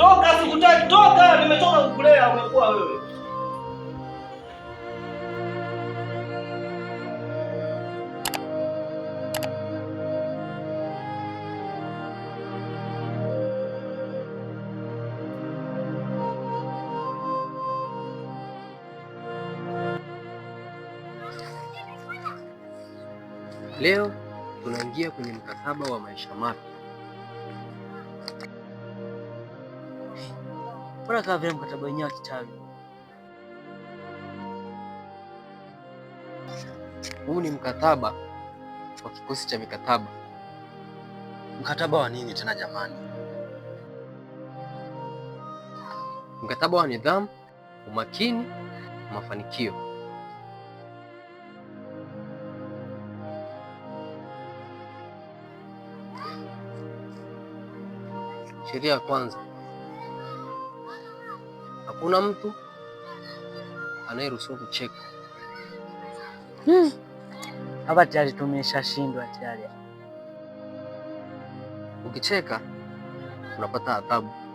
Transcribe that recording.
Toka, sikutaki. Toka, nimetoka kukulea. Umekuwa wewe Leo tunaingia kwenye mkataba wa maisha mapya. Mbona kama vile mkataba wenyewe wa kitawi? Huu ni mkataba wa kikosi cha mikataba. Mkataba wa nini tena jamani? Mkataba wa nidhamu, umakini, mafanikio. Sheria ya kwanza hakuna mtu anayeruhusiwa kucheka hmm. hapa. Hmm, tayari tumeshashindwa tayari. Ukicheka unapata adhabu.